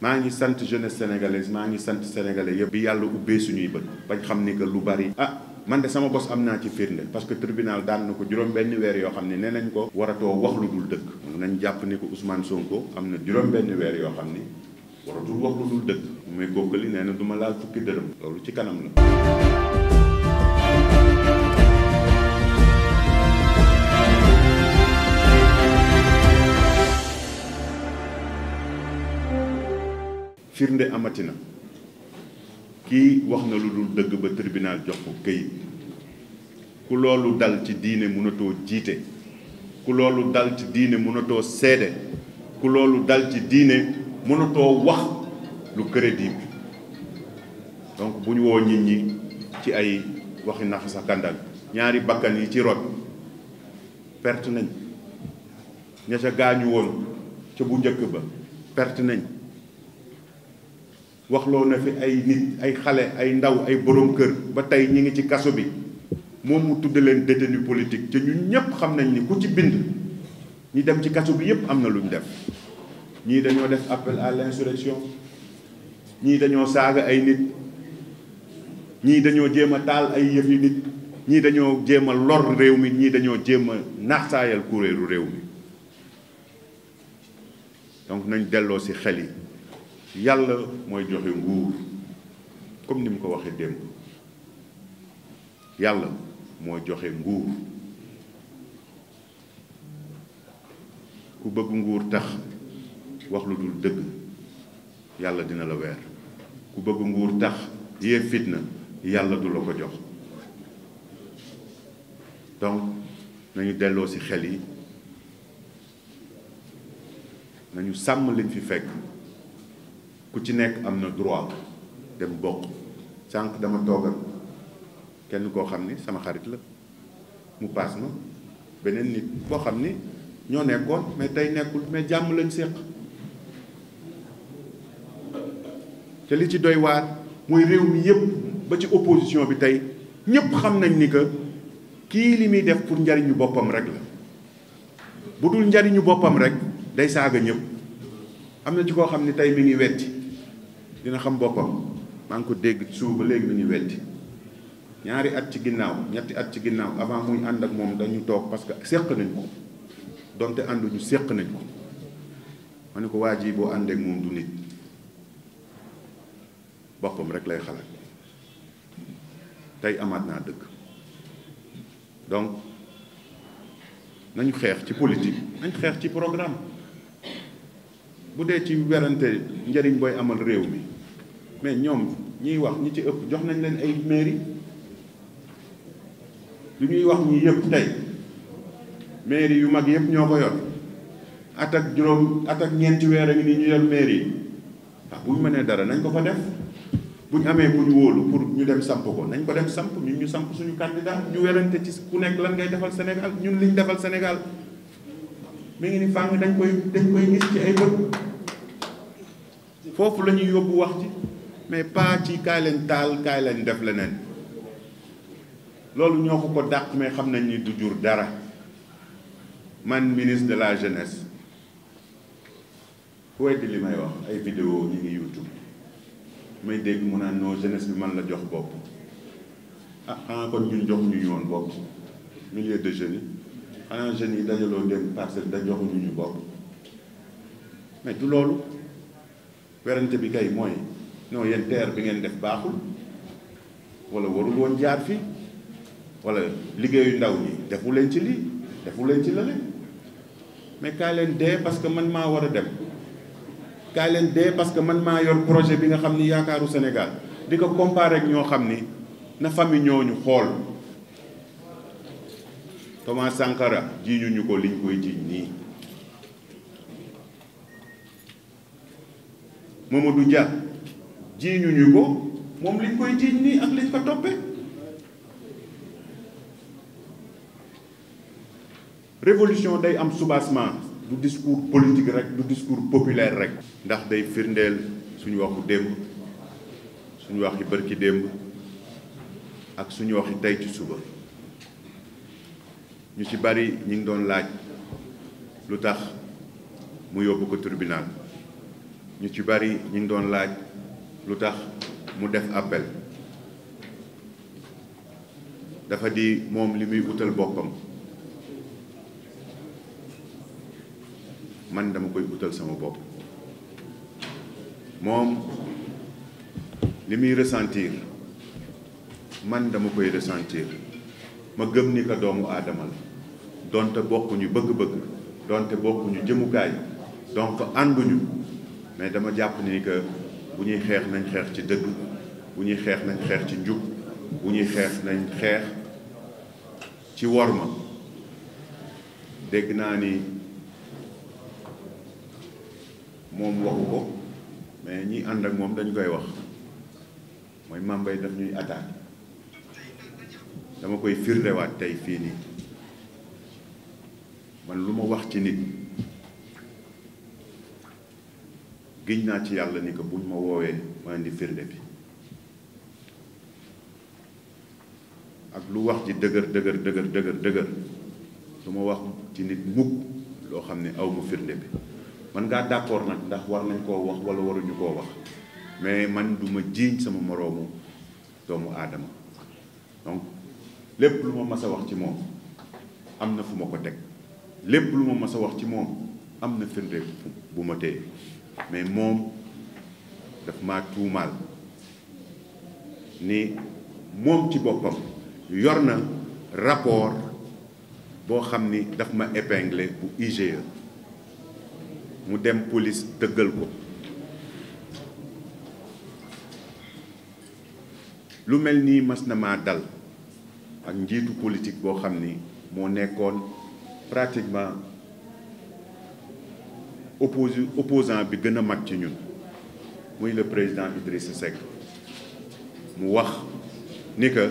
maa ngi sant jeunesse sénégalaise maa ngi sant sénégalais yëpp. bi yàlla ubbee suñuy bët bañ xam ni que lu bari. ah man de sama bos am naa ci firnde parce que tribunal daan na ko juróom-benn weer yoo xam ne nee nañ ko. waratoo wax lu dul dëgg. mun nañ jàpp ni ko Ousmane am na juróom-benn weer yoo xam ni waratul wax lu dul dëgg. muy kooku li nee na du ma laal fukki dërëm. loolu ci kanam la. firnde amati na kii wax na lu dul dëgg ba tribunal jox ko këyit ku loolu dal ci diine mënatoo jiite ku loolu dal ci diine mënatoo seede ku loolu dal ci diine mënatoo wax lu crédible donc bu ñu woo nit ñi ci ay waxi nax sa kàndal ñaari bàkkan yi ci rot perte nañ ña ca gaañu woon ca bu njëkk ba perte nañ waxloo na fi ay nit ay xale ay ndaw ay borom kër ba tey ñi ngi ci kaso bi moom mu tudd leen détenu politique te ñun ñëpp xam nañ ni ku ci bind ñu dem ci kaso bi yëpp am na lu ñu def ñii dañoo def appel à l'insurrection ñii dañoo saaga ay nit ñii dañoo jéem a taal ay yëf yi nit ñii dañoo jéem lor réew mi ñii dañoo jéem a naxsaayal kuréelu réew mi donc nañ delloo si xel yi yàlla mooy joxe nguur comme ni mu ko waxee démb yàlla mooy joxe nguur ku bëgg nguur tax wax lu dul dëgg yàlla dina la weer ku bëgg nguur tax yee fitna yàlla du la ko jox donc nañu delloo ci xel yi nañu sàmm liñ fi fekk ku ci nekk am na droit dem bokk sànq dama toogal kenn koo xam ne sama xarit la mu paas na beneen nit koo xam ni ñoo nekkoon mais tey nekkul mais jàmm lañ séq te li ci doy waar mooy réew mi yëpp ba ci opposition bi tey ñëpp xam nañ ni que kii li muy def pour njariñu boppam rek la bu dul njariñu boppam rek day saaga ñëpp am na ci koo xam ne tey mi ngi wetti dina xam boppam maa ngi ko dégg suuf ba léegi ñu weddi ñaari at ci ginnaaw ñetti at ci ginnaaw avant muy ànd ak moom dañu toog parce que séq nañ ko donte ànduñu séq nañ ko ma ne ko waa ji boo àndeek moom du nit boppam rek lay xalaat tey amaat naa dëkk donc nañu xeex ci politique nañ xeex ci programme bu dee ci werante njëriñ booy amal réew mi mais ñoom ñiy wax ñi ci ëpp jox nañ leen ay mairie yu ñuy wax ñi yëpp tey mairie yu mag yëpp ñoo ko yor at ak juróom at ak ñeenti weer a ngi nii ñu yor mairie yi waaw bu ñu mënee dara nañ ko fa def bu ñu amee bu ñu wóolu pour ñu dem samp ko nañ ko dem samp ñun ñu samp suñu candidat ñu werante ci ku nekk lan ngay defal Sénégal ñun liñ defal Sénégal mi ngi ni fàng dañ koy dañ koy gis ci ay bët foofu lañuy ñuy yóbbu wax ci mais pas ci kaay leen taal kaay lañ def leneen loolu ñoo ko ko dàq may xam nañ ni du jur dara man ministre de la jeunesse ku weddi li may wax ay vidéo ñu ngi YouTube may dégg mu naan noo jeunesse bi man la jox bopp ah xanaa kon ñun jox yoon woon bopp milieu de jeunes yi xanaa jeunes yi dajaloo dem parcelle da joxuñu ñu bopp mais du loolu werante bi kay mooy non yéen terre bi ngeen def baaxul wala warul woon jaar fii walla liggéeyu ndaw ñi defu leen ci lii defu leen ci lële mais kaay leen dee parce que man maa war a dem kaay leen dee parce que man maa yor projet bi nga xam ni yaakaaru Sénégal di ko comparer ak ñoo xam ni na famille ñooñu xool Thomas Sankara jiiñu ñu ko liñ koy jiiñ nii Mamadou Dia jiiñuñu bo moom liñ koy jiiñ nii ak liñ ko toppee révolution day am soubassement du discours politique rek du discours populaire rek ndax day firndeel suñu waxu démb suñu waxi bërki démb ak suñu waxi tey ci suba ñu ci bari ñu ngi doon laaj lu tax mu yóbbu ko tribunal ñu ci bari ñu ngi doon laaj lu tax mu def appel dafa di moom li muy utal boppam man dama koy utal sama bopp moom li muy ressentir man dama koy ressentir ma gëm ni ko doomu aadama la donte bokkuñu bëgg-bëgg donte bokkuñu jëmukaay donc ànduñu mais dama jàpp ni que bu ñuy xeex nañ xeex ci dëgg bu ñuy xeex nañ xeex ci njub bu ñuy xeex nañ xeex ci worma dégg naa ni moom waxu ko mais ñi ànd ak moom dañ koy wax mooy yi daf ñuy attaque dama koy firndewaat tey fii nii man lu ma wax ci nit giñ naa ci yàlla ni ko buñ ma woowee ma indi firnde bi ak lu wax ji dëgër dëgër dëgër dëgër dëgër ma wax ci nit mukk loo xam ne aw ma firnde bi man ngaa d'accord nag ndax war nañ koo wax wala waruñu koo wax mais man duma jiiñ sama moroomu doomu aadama donc lépp lu ma mas a wax ci moom am na fu ma ko teg lépp lu ma mas a wax ci moom am na firnde bu ma téye mais moom daf ma tuumaal ni moom ci boppam yor na rapport boo xam ni daf ma épinglé bu IGE mu dem polis dëggal ko lu mel nii mas na ma dal ak njiitu politique boo xam ni moo nekkoon pratiquement opposi opposant bi gën a mag ci ñun muy le président Idrissa sec mu wax ni que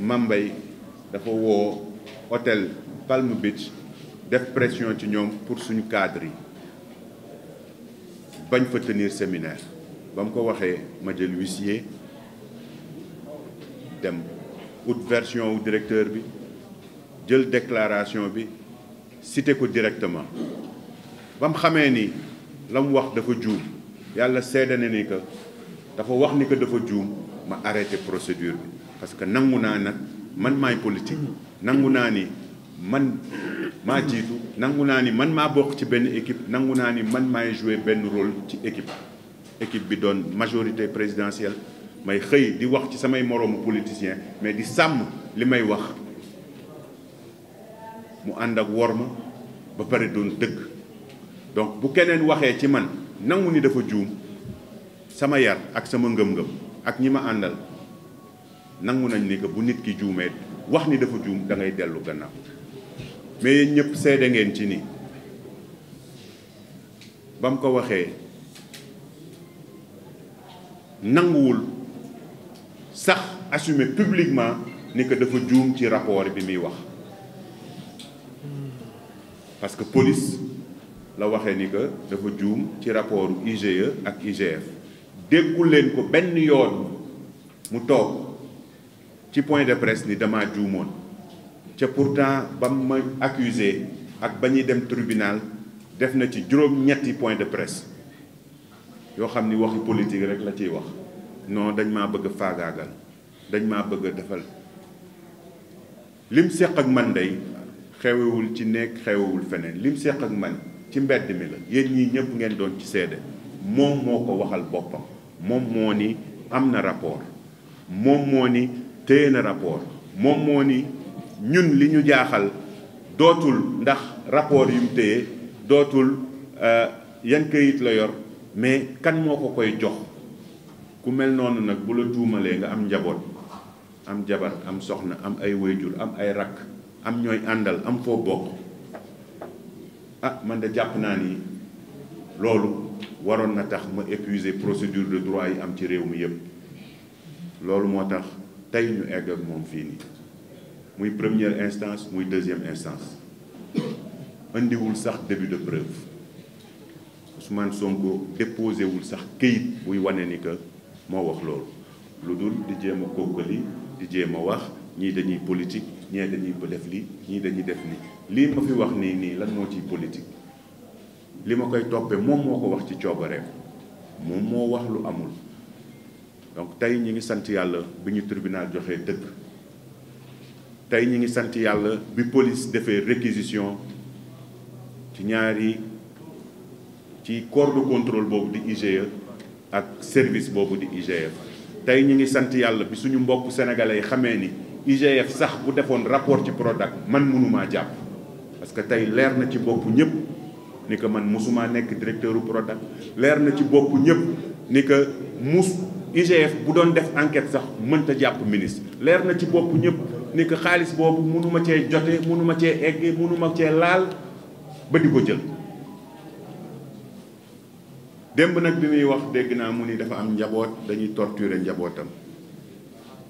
Mame dafa woo hôtel Palm Beach def pression ci ñoom pour suñu cadre yi bañ fa tenir séminaire ba mu ko waxee ma jël huissier dem ut version directeur bi jël déclaration bi cité ko directement ba mu xamee ni la mu wax dafa juum yàlla seede na ni que dafa wax ni que dafa juum ma arrêté procédure bi parce que nangu naa nag man maay politique nangu naa ni man maa jiitu nangu naa ni man maa bokk ci benn équipe nangu naa ni man maay joue benn rôle ci équipe équipe bi doon majorité présidentielle may xëy di wax ci samay moroomu politicien mais di sàmm li may wax mu ànd ak ma ba pare doon dëgg donc bu keneen waxee ci man nangu ni dafa juum sama yar ak sama ngëm-ngëm ak ñi ma àndal nangu nañ ni bu nit ki juumee wax ni dafa juum dangay dellu gannaaw mais yéen ñëpp seede ngeen ci ni ba mu ko waxee nanguwul sax assume publiquement nekk dafa juum ci rapport bi muy wax parce que police la waxe ni que dafa juum ci rapport IGE ak IGF déggul leen ko benn yoon mu toog ci point de presse ni dama juumoon ca pourtant ba ma accusé ak ba ñuy dem tribunal def na ci juróom-ñetti point de presse yoo xam ni waxi politique rek la ciy wax noo dañ maa bëgg faagaagal dañ maa bëgg defal lim seq ak man day xewewul ci nekk xewwul feneen lim seq ak man ci mbedd mi la yéen ñii ñëpp ngeen doon ci seede moom moo ko waxal boppam moom moo ni am na rapport moom moo ni téye na rapport moom moo ni ñun li ñu jaaxal dootul ndax rapport yu mu dootul euh, yan kayit la yor mais kan moo ko koy jox ku mel noonu nag bu la tuumalee nga am njaboot am jabar am soxna am ay wayjur am ay rakk am ñooy àndal am foo bokk ah man de jàpp naa ni loolu waroon na tax ma épuiser procédure de droit yi am ci réew mi yépp loolu moo tax tey ñu egg ak moom fii nii muy première instance muy deuxième instance indiwul sax début de preuve Ousmane Sonko déposé wul sax këyit buy wane ni que moo wax loolu lu dul di jéem a li di jéem a wax ñii dañuy politique ñii dañuy def lii ñii dañuy def lii. lii ma fi wax nii nii lan moo ciy politique li ma koy toppee moom moo ko wax ci coobareem moom moo wax lu amul donc tey ñi ngi sant yàlla bi ñu tribunal joxee dëgg tey ñi ngi sant yàlla bi police defee réquisition ci ñaari ci corps de contrôle boobu di IGE ak service boobu di IGF e. tey ñi ngi sant yàlla bi suñu mbokk sénégalais yi xamee ni IGF e sax bu defoon rapport ci Prodac man mënumaa jàpp parce que tey leer na ci bopp ñëpp ni que man musuma nekk directeur u leer na ci bopp ñëpp ni que mus IGF bu doon def enquête sax mënta jàpp ministre leer na ci bopp ñëpp ni que xaalis boobu mënuma cee jote mënuma cee egge mënuma cee laal ba di ko jël démb nag bi muy wax dégg naa mu ni dafa am njaboot dañuy torturer njabootam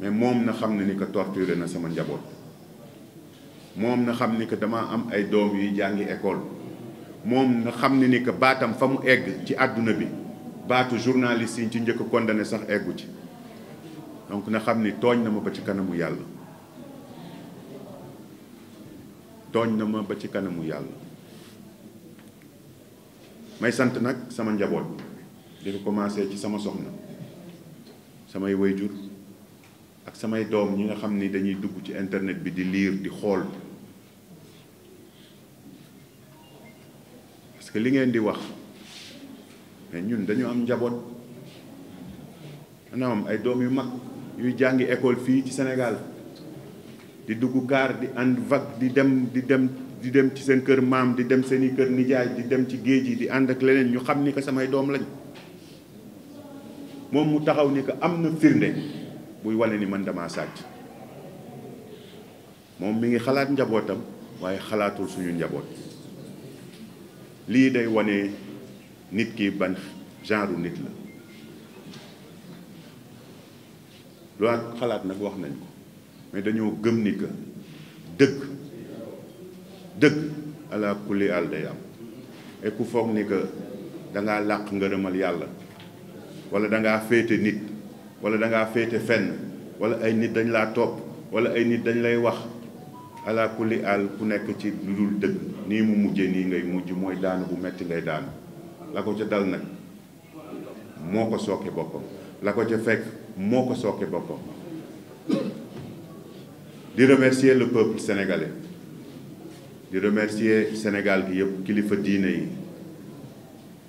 mais moom na xam ne ni que torturer na sama njaboot moom na xam ni que dama am ay doom yuy jàngi école moom na xam ne ni que baatam fa mu egg ci àdduna bi baatu journaliste yi ci njëkk a sax eggu ci donc na xam ni tooñ na ma ba ci kanamu yàlla tooñ na ma ba ci kanamu yàlla may sant nag sama njaboot di ko commencé ci sama soxna samay wayjur samay doom ñi nga xam ni dañuy dugg ci internet bi di liir di xool parce que li ngeen di wax mais ñun dañu am njaboot maanaam ay doom yu mag yuy jàngi école fii ci senegal di dugg kaar di ànd vague di dem di dem di dem ci seen kër maam di dem seeni kër nijaay di dem ci géej yi di ànd ak leneen ñu xam ni ko samay doom lañ moom mu taxaw ni que am na firnde buy wane ni man damaa sàcc moom mi ngi xalaat njabootam waaye xalaatul suñu njaboot lii day wane nit ki ban genre nit la loolu xalaat nag wax nañ ko mais dañoo gëm ni que dëgg dëgg ala kulli àll day am ku foog ni que dangaa làq ngërëmal yàlla wala dangaa féete nit wala dangaa féete fenn wala ay nit dañ laa topp wala ay nit dañ lay wax ala àll ku nekk ci lu dul dëgg nii mu mujjee nii ngay mujj mooy daanu bu metti ngay daanu la ko ca dal nag moo ko sooke boppam la ko ca fekk moo ko sooke boppam di remercier le peuple sénégalais di remercier Sénégal bi yëpp kilifa diine yi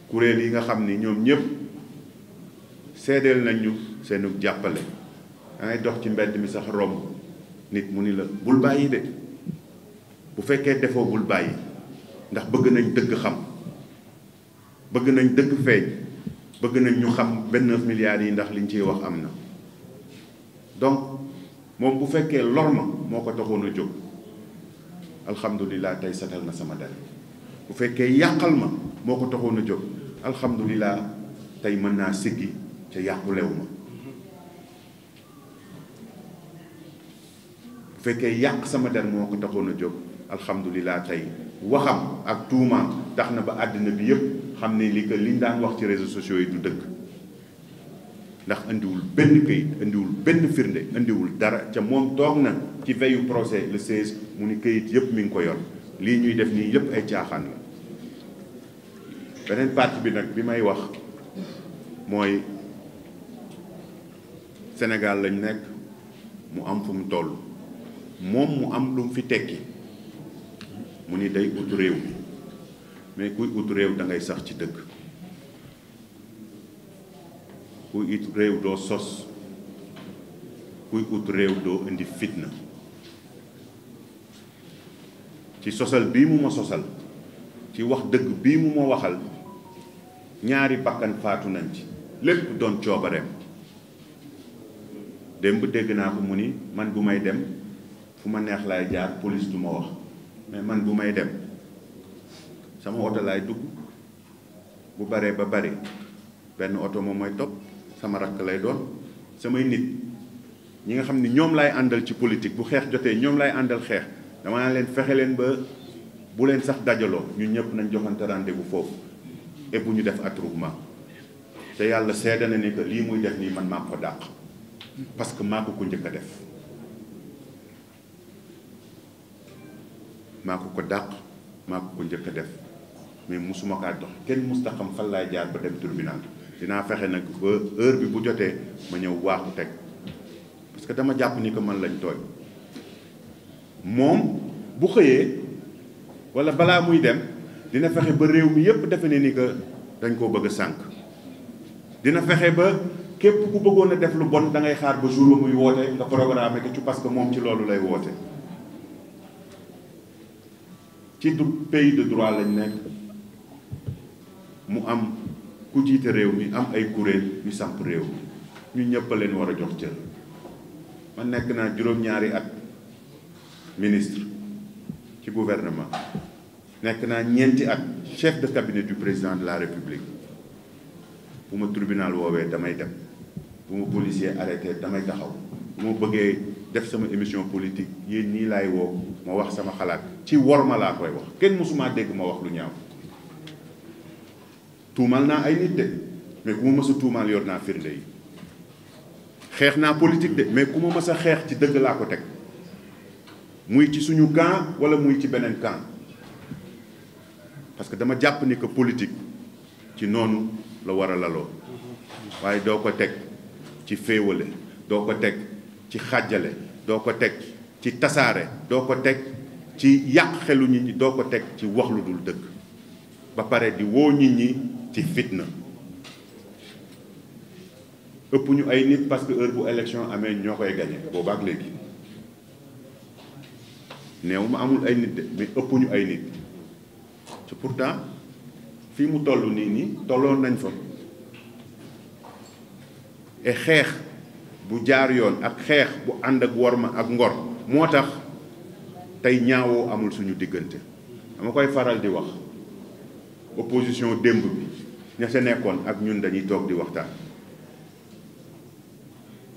kuréel yi nga xam ni ñoom ñëpp seedeel nañ ñu seenu jàppale da dox ci mbedd mi sax romb nit mu ni la bul bàyyi de bu fekkee defoo bul bàyyi ndax bëgg nañ dëgg xam bëgg nañ dëgg feeñ bëgg nañ ñu xam vingt-neuf yi ndax liñ ciy wax am na donc moom bu fekkee lor ma moo ko taxoon a jóg alhamdulilah tey satal na sama der bu fekkee yàqal ma moo ko taxoon a jóg alhamdulilah tey mën naa siggi ca yàqulew ma bu fekkee yàq sama der moo ko taxoon a jóg alhamdulilah tey waxam ak tuumaam tax na ba àddina bi yëpp xam ne li que liñ daan wax ci réseaux sociaux yi du dëgg ndax indiwul benn këyit indiwul benn firnde indiwul dara ca moom toog na ci veyu procès le 16 mu ni këyit yëpp mi ngi ko yor lii ñuy def nii yëpp ay caaxaan la beneen parti bi nag bi may wax mooy Sénégal lañ nekk mu am fu mu toll. moom mu am lu mu fi tekki mu ni day ut réew mi mais kuy ut réew dangay sax ci dëkk kuy ut réew doo sos kuy ut réew doo indi fitna ci sosal bii mu ma sosal ci wax dëgg bii mu ma waxal ñaari bakkan faatu nañ ci lépp doon coobareem démb dégg naa ko mu ni man bu may dem fu ma neex laay jaar police du ma wax mais man bu may dem sama oto laay dugg bu baree ba bari benn oto moom mooy topp sama rakk lay doon samay nit ñi nga xam ne ñoom laay àndal ci politique bu xeex jotee ñoom laay àndal xeex dama naa leen fexe leen ba bu leen sax dajaloo ñu ñëpp nañ joxante rendez-vous foofu et ñu def attroupement te yàlla seede na ni lii muy def nii man maa ko dàq parce que maa ko ko njëkk a def maa ko ko dàq maa ko ko njëkk a def mais mosuma kaa dox kenn musta xam fan laay jaar ba dem tribunal dinaa fexe nag ba heure bi bu jotee ma ñëw waaxu teg parce que dama jàpp ni que man lañ tooñ moom bu xëyee wala balaa muy dem dina fexe ba réew mi yépp defe ne ni que dañ koo bëgg a sànq dina fexe ba képp ku bëggoon a def lu bon dangay xaar ba jour ba muy woote nga programme ko ci parce que moom ci loolu lay woote ci du pays de droit lañ nekk mu am ku jiite réew mi am ay kuréel yu samp réew mi ñu ñëpp leen war a jox cër ma nekk naa juróom-ñaari at ministre ci gouvernement nekk naa ñeenti ak chef de cabinet du président de la république bu ma tribunal woowee damay dem bu ma policier arrêté damay taxaw bu ma bëggee def sama émission politique yéen nii laay woo ma wax sama xalaat ci wor ma laa koy wax kenn mësumaa dégg ma wax lu ñaaw tuumaal naa ay nit de mais ku ma mës a yor naa firnde yi xeex naa politique de mais ku ma mës a xeex ci dëgg laa ko teg muy ci suñu camp wala muy ci beneen camp parce que dama jàpp ni que politique ci noonu la war a laloo waaye doo ko teg ci féewale doo ko teg ci xàjjale doo ko teg ci tasaare doo ko teg ci yàq xelu nit ñi doo ko teg ci wax lu dul dëgg ba pare di woo ñi ñi ci fitna ëpp ñu ay nit parce que heure bu élection amee ñoo koy gagné boobaak léegi néew ma amul ay nit de mais ëpp ñu ay nit te pourtant fii mu toll nii nii tolloon nañ fa e xeex bu jaar yoon ak xeex bu ànd ak worma ak ngor moo tax tey ñaawoo amul suñu diggante dama koy faral di wax opposition démb bi ña sa nekkoon ak ñun dañuy toog di waxtaan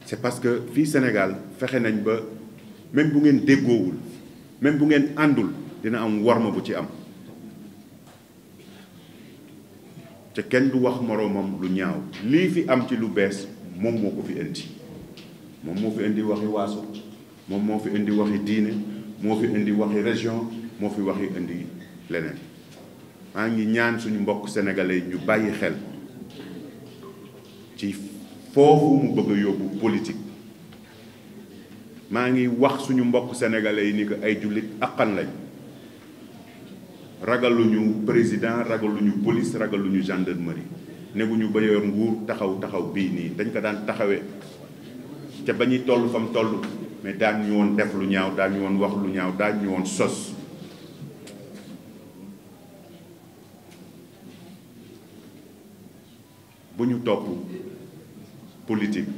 c'est parce que fii Sénégal fexe nañ ba même bu ngeen déggoowul même bu ngeen àndul dina am worma bu ci am te kenn du wax moroomam lu ñaaw lii fi am ci lu bees moom moo ko fi indi moom moo fi indi waxi waaso moom moo fi indi waxi diine moo fi indi waxi région moo fi waxi indi leneen maa ngi ñaan suñu mbokk yi ñu bàyyi xel ci foofu mu bëgg yóbbu politique maa ngi wax suñu mbokk sénégalais yi ni ko ay jullit akkan lañ ragaluñu président ragaluñu police ragaluñu gendarmerie neguñu ba yor nguur taxaw taxaw bii nii dañ ko daan taxawee te ba ñuy toll fa mu mais daañu ñu woon def lu ñaaw daañu woon wax lu ñaaw daañu ñu woon sos bu ñu topp politique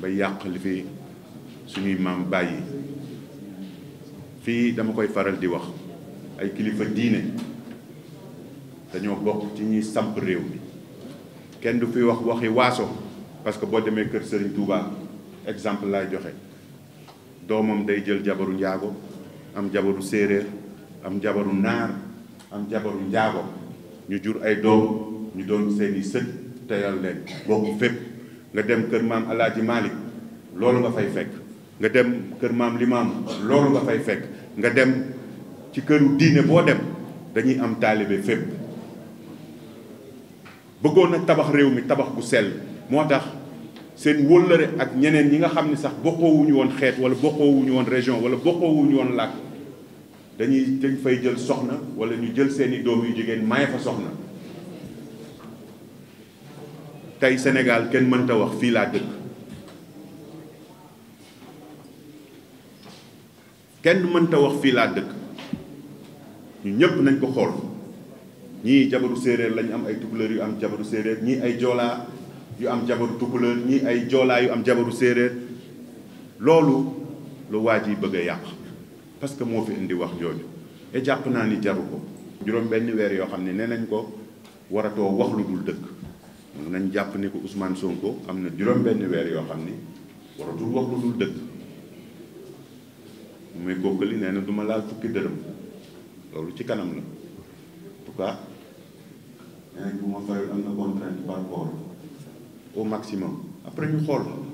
ba yàq li fi suñuy maam bàyyi fii dama koy faral di wax ay kilifa diine dañoo bokk ci ñuy samp réew mi kenn du fi wax waxi waaso parce que boo demee kër Serigne Touba. exemple laay joxe doomam day jël jabaru njaago am jabaru séeréer am jabaru naar am jabaru njaago ñu jur ay doom ñu doon seeni sët teyal leen bokk fépp nga dem kër maam alaaji loolu nga fay fekk nga dem kër maam loolu nga fekk nga dem ci këru diine boo dem dañuy am taalibe fépp bëggoon na tabax réew mi tabax bu sell moo tax seen wóllëre ak ñeneen ñi nga xam ni sax bokkoowuñu woon xeet wala bokkoowuñu woon région wala bokkoowuñu woon làkk dañuy dañ fay jël soxna wala ñu jël seeni doom yu jigéen maye fa soxna tey senegal kenn mënta wax fii laa dëkk kenn mënta wax fii laa dëkk ñu ñëpp nañ ko xool ñii jabaru séeréer lañu am ay tukulóor yu am jabaru séeréer ñii ay joolaa yu am jabaru tukulóor ñi ay joolaa yu am jabaru séeréer loolu lu waa ji bëgg a yàq parce que moo fi indi wax jooju e jàpp naa ni jaru ko juróom benn weer yoo xam ne nee nañ ko waratoo wax lu dul dëkk nañ jàpp ni ko Ousmane Sonko am na juróom benn weer yoo xam ni waratul wax lu dul dëkk muy góogali nee na du ma laal fukki dërëm loolu ci kanam la en tout bu ma fayul am na contrainte par au maximum après ñu xool